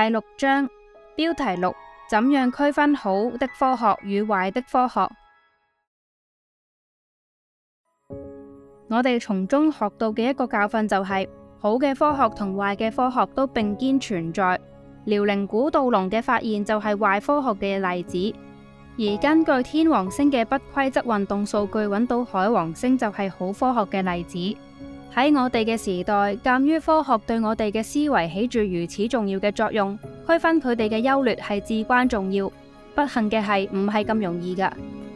第六章標題六：怎樣區分好的科學與壞的科學？我哋從中學到嘅一個教訓就係、是，好嘅科學同壞嘅科學都並肩存在。遼寧古道龍嘅發現就係壞科學嘅例子，而根據天王星嘅不規則運動數據揾到海王星就係好科學嘅例子。喺我哋嘅時代，鑒於科學對我哋嘅思維起住如此重要嘅作用，區分佢哋嘅優劣係至關重要。不幸嘅係唔係咁容易㗎，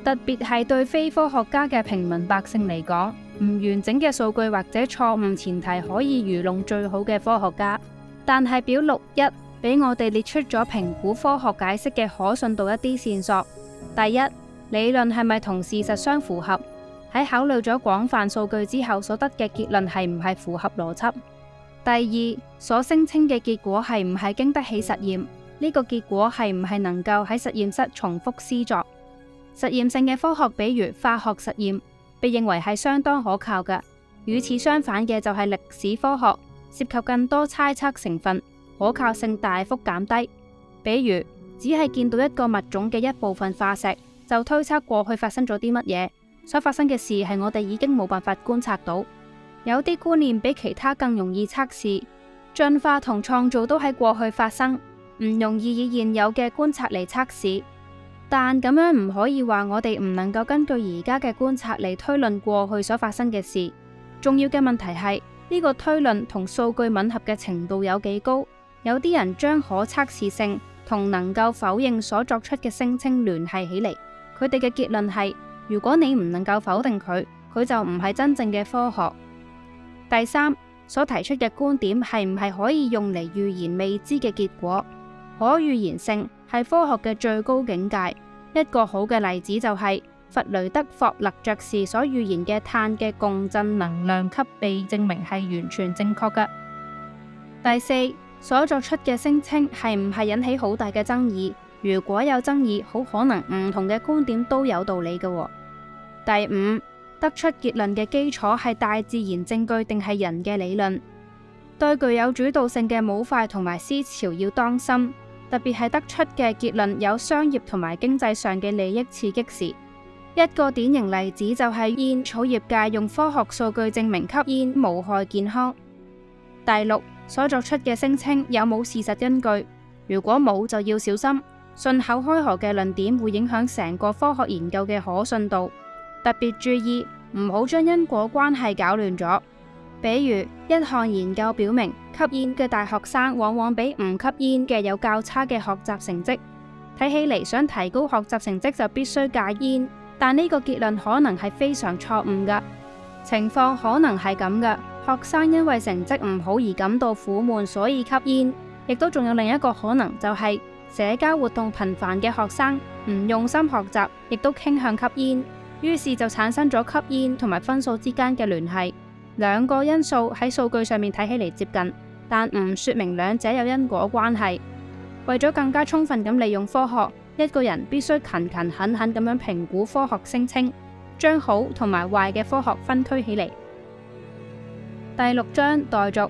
特別係對非科學家嘅平民百姓嚟講，唔完整嘅數據或者錯誤前提可以愚弄最好嘅科學家。但係表六一俾我哋列出咗評估科學解釋嘅可信度一啲線索。第一，理論係咪同事實相符合？喺考慮咗廣泛數據之後所得嘅結論係唔係符合邏輯？第二，所聲稱嘅結果係唔係經得起實驗？呢個結果係唔係能夠喺實驗室重複施作？實驗性嘅科學，比如化學實驗，被認為係相當可靠嘅。與此相反嘅就係歷史科學，涉及更多猜測成分，可靠性大幅減低。比如，只係見到一個物種嘅一部分化石，就推測過去發生咗啲乜嘢。所發生嘅事係我哋已經冇辦法觀察到，有啲觀念比其他更容易測試。進化同創造都喺過去發生，唔容易以現有嘅觀察嚟測試。但咁樣唔可以話我哋唔能夠根據而家嘅觀察嚟推論過去所發生嘅事。重要嘅問題係呢個推論同數據吻合嘅程度有幾高？有啲人將可測試性同能夠否認所作出嘅聲稱聯繫起嚟，佢哋嘅結論係。如果你唔能夠否定佢，佢就唔係真正嘅科學。第三，所提出嘅觀點係唔係可以用嚟預言未知嘅結果？可預言性係科學嘅最高境界。一個好嘅例子就係、是、弗雷德霍勒爵士所預言嘅碳嘅共振能量級被證明係完全正確㗎。第四，所作出嘅聲稱係唔係引起好大嘅爭議？如果有爭議，好可能唔同嘅觀點都有道理嘅、哦。第五，得出結論嘅基礎係大自然證據定係人嘅理論。對具有主導性嘅模範同埋思潮要當心，特別係得出嘅結論有商業同埋經濟上嘅利益刺激時。一個典型例子就係煙草業界用科學數據證明吸煙無害健康。第六，所作出嘅聲稱有冇事實根據？如果冇，就要小心。信口開河嘅論點會影響成個科學研究嘅可信度，特別注意唔好將因果關係搞亂咗。比如一項研究表明，吸煙嘅大學生往往比唔吸煙嘅有較差嘅學習成績。睇起嚟想提高學習成績就必須戒煙，但呢個結論可能係非常錯誤嘅。情況可能係咁嘅：學生因為成績唔好而感到苦悶，所以吸煙。亦都仲有另一個可能，就係社交活動頻繁嘅學生唔用心學習，亦都傾向吸煙，於是就產生咗吸煙同埋分數之間嘅聯繫。兩個因素喺數據上面睇起嚟接近，但唔說明兩者有因果關係。為咗更加充分咁利用科學，一個人必須勤勤懇懇咁樣評估科學聲稱，將好同埋壞嘅科學分區起嚟。第六章待續。